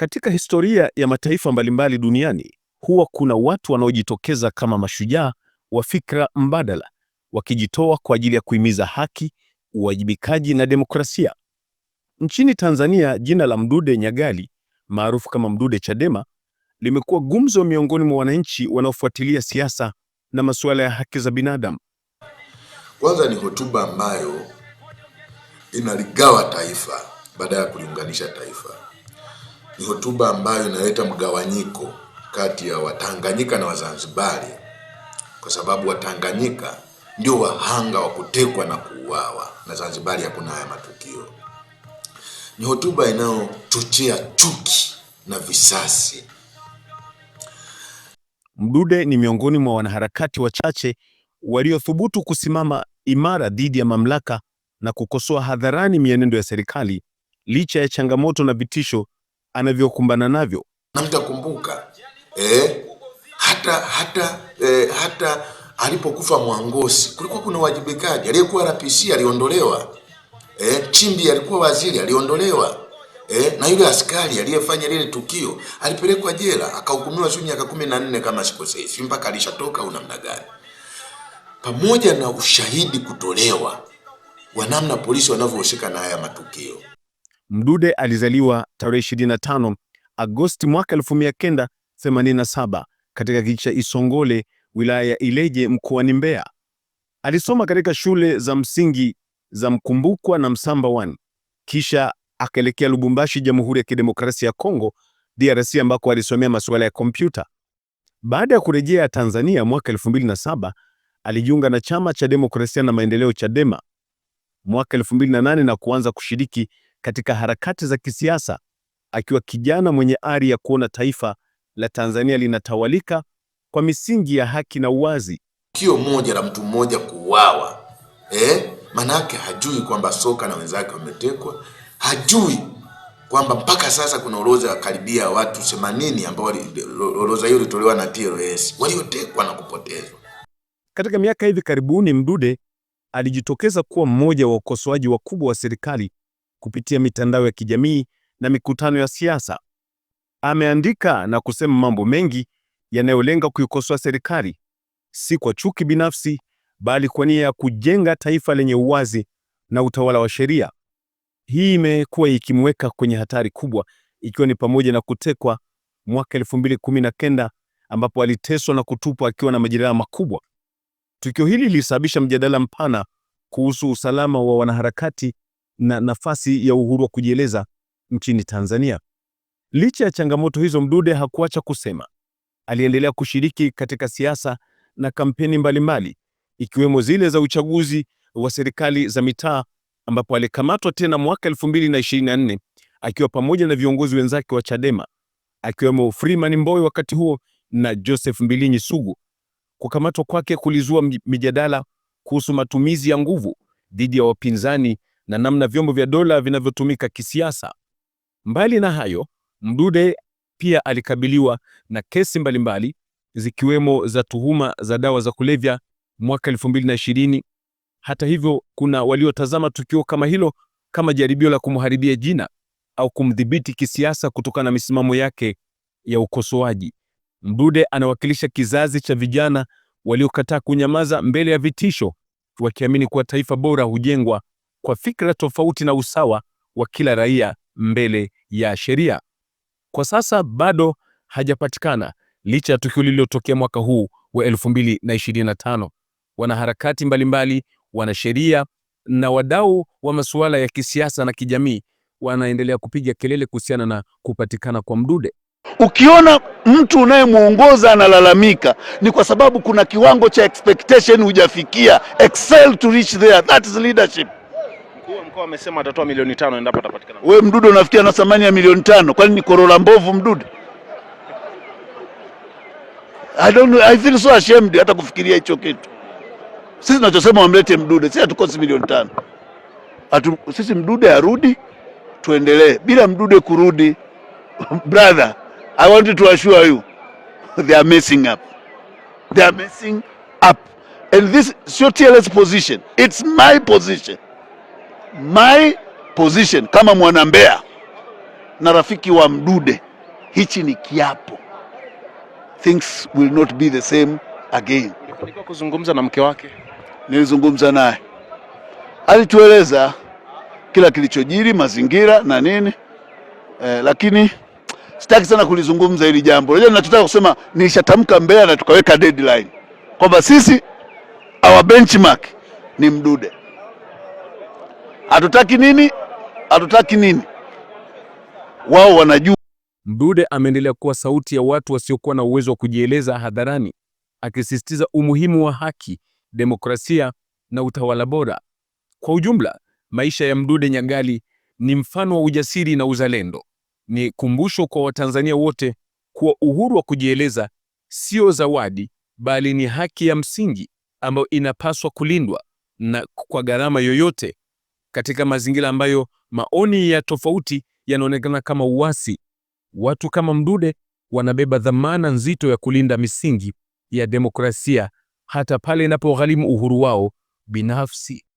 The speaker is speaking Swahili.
Katika historia ya mataifa mbalimbali duniani huwa kuna watu wanaojitokeza kama mashujaa wa fikra mbadala, wakijitoa kwa ajili ya kuhimiza haki, uwajibikaji na demokrasia. Nchini Tanzania, jina la Mdude Nyagali maarufu kama Mdude Chadema limekuwa gumzo miongoni mwa wananchi wanaofuatilia siasa na masuala ya haki za binadamu. Kwanza ni hotuba ambayo inaligawa taifa badala ya kuliunganisha taifa ni hotuba ambayo inaleta mgawanyiko kati ya Watanganyika na Wazanzibari, kwa sababu Watanganyika ndio wahanga wa kutekwa na kuuawa, na Zanzibari hakuna haya matukio. Ni hotuba inayochochea chuki na visasi. Mdude ni miongoni mwa wanaharakati wachache waliothubutu kusimama imara dhidi ya mamlaka na kukosoa hadharani mienendo ya serikali licha ya changamoto na vitisho anavyokumbana navyo. Na mtakumbuka eh, hata hata eh, hata alipokufa Mwangosi kulikuwa kuna wajibikaji. Aliyekuwa RPC aliondolewa, eh, Chimbi alikuwa waziri aliondolewa, eh, na yule askari aliyefanya lile tukio alipelekwa jela akahukumiwa siku miaka kumi na nne kama sikosei, si mpaka alishatoka au namna gani? Pamoja na ushahidi kutolewa wa namna polisi wanavyohusika na haya matukio. Mdude alizaliwa tarehe 25 Agosti mwaka 1987 katika kijiji cha Isongole, wilaya ya Ileje, mkoani Mbeya. Alisoma katika shule za msingi za Mkumbukwa na Msamba 1 kisha akaelekea Lubumbashi, Jamhuri ya Kidemokrasia ya Kongo DRC, ambako alisomea masuala ya kompyuta. Baada ya kurejea Tanzania mwaka 2007 alijiunga na chama cha demokrasia na maendeleo CHADEMA mwaka 2008 na kuanza kushiriki katika harakati za kisiasa, akiwa kijana mwenye ari ya kuona taifa la Tanzania linatawalika kwa misingi ya haki na uwazi. Tukio moja la mtu mmoja kuuawa eh, manake hajui kwamba Soka na wenzake wametekwa, hajui kwamba mpaka sasa kuna orodha ya karibia watu 80 ambao orodha hiyo ilitolewa na TLS waliotekwa na kupotezwa. Katika miaka hivi karibuni, Mdude alijitokeza kuwa mmoja wa ukosoaji wakubwa wa serikali kupitia mitandao ya kijamii na mikutano ya siasa. Ameandika na kusema mambo mengi yanayolenga kuikosoa serikali, si kwa chuki binafsi, bali kwa nia ya kujenga taifa lenye uwazi na utawala wa sheria. Hii imekuwa ikimweka kwenye hatari kubwa, ikiwa ni pamoja na kutekwa mwaka kenda ambapo aliteswa na kutupwa akiwa na majeraha makubwa. Tukio hili lilisababisha mjadala mpana kuhusu usalama wa wanaharakati na nafasi ya uhuru wa kujieleza nchini Tanzania. Licha ya changamoto hizo, Mdude hakuacha kusema. Aliendelea kushiriki katika siasa na kampeni mbalimbali ikiwemo zile za uchaguzi wa serikali za mitaa ambapo alikamatwa tena mwaka 2024 akiwa pamoja na viongozi wenzake wa Chadema akiwemo Freeman Mbowe wakati huo na Joseph Mbilinyi Sugu. Kukamatwa kwake kulizua mijadala kuhusu matumizi ya nguvu dhidi ya wapinzani na namna vyombo vya dola vinavyotumika kisiasa. Mbali na hayo, Mdude pia alikabiliwa na kesi mbalimbali mbali, zikiwemo za tuhuma za dawa za kulevya mwaka 2020. Hata hivyo, kuna waliotazama tukio kama hilo kama jaribio la kumharibia jina au kumdhibiti kisiasa kutokana na misimamo yake ya ukosoaji. Mdude anawakilisha kizazi cha vijana waliokataa kunyamaza mbele ya vitisho, wakiamini kuwa taifa bora hujengwa kwa fikra tofauti na usawa wa kila raia mbele ya sheria. Kwa sasa bado hajapatikana licha ya tukio lililotokea mwaka huu wa 2025. Wanaharakati mbalimbali, wanasheria na wadau wa masuala ya kisiasa na kijamii wanaendelea kupiga kelele kuhusiana na kupatikana kwa Mdude. Ukiona mtu unayemwongoza analalamika ni kwa sababu kuna kiwango cha expectation hujafikia, excel to reach there, that is leadership mkoa amesema atatoa milioni tano endapo atapatikana. Wewe mdudu unafikia na thamani ya milioni tano? Kwani ni korola mbovu mdudu? I don't know, I feel so ashamed hata kufikiria hicho kitu. Sisi tunachosema wamlete mdude, sisi hatukosi milioni tano. Atu, sisi mdude arudi tuendelee bila mdude kurudi. Brother, I want to assure you they are messing up. They are messing up. And this is your TLS position. It's my position my position kama mwanambea na rafiki wa Mdude, hichi ni kiapo, things will not be the same again. Nilikuwa kuzungumza na mke wake, nilizungumza naye, alitueleza kila kilichojiri, mazingira na nini eh, lakini sitaki sana kulizungumza hili jambo. Unajua ninachotaka kusema, nishatamka Mbeya na tukaweka deadline kwamba sisi our benchmark ni Mdude hatutaki nini, hatutaki nini, wao wanajua. Mdude ameendelea kuwa sauti ya watu wasiokuwa na uwezo wa kujieleza hadharani, akisisitiza umuhimu wa haki, demokrasia na utawala bora. Kwa ujumla, maisha ya Mdude Nyagali ni mfano wa ujasiri na uzalendo, ni kumbusho kwa Watanzania wote kuwa uhuru wa kujieleza sio zawadi, bali ni haki ya msingi ambayo inapaswa kulindwa na kwa gharama yoyote katika mazingira ambayo maoni ya tofauti yanaonekana kama uasi. Watu kama Mdude wanabeba dhamana nzito ya kulinda misingi ya demokrasia hata pale inapogharimu uhuru wao binafsi.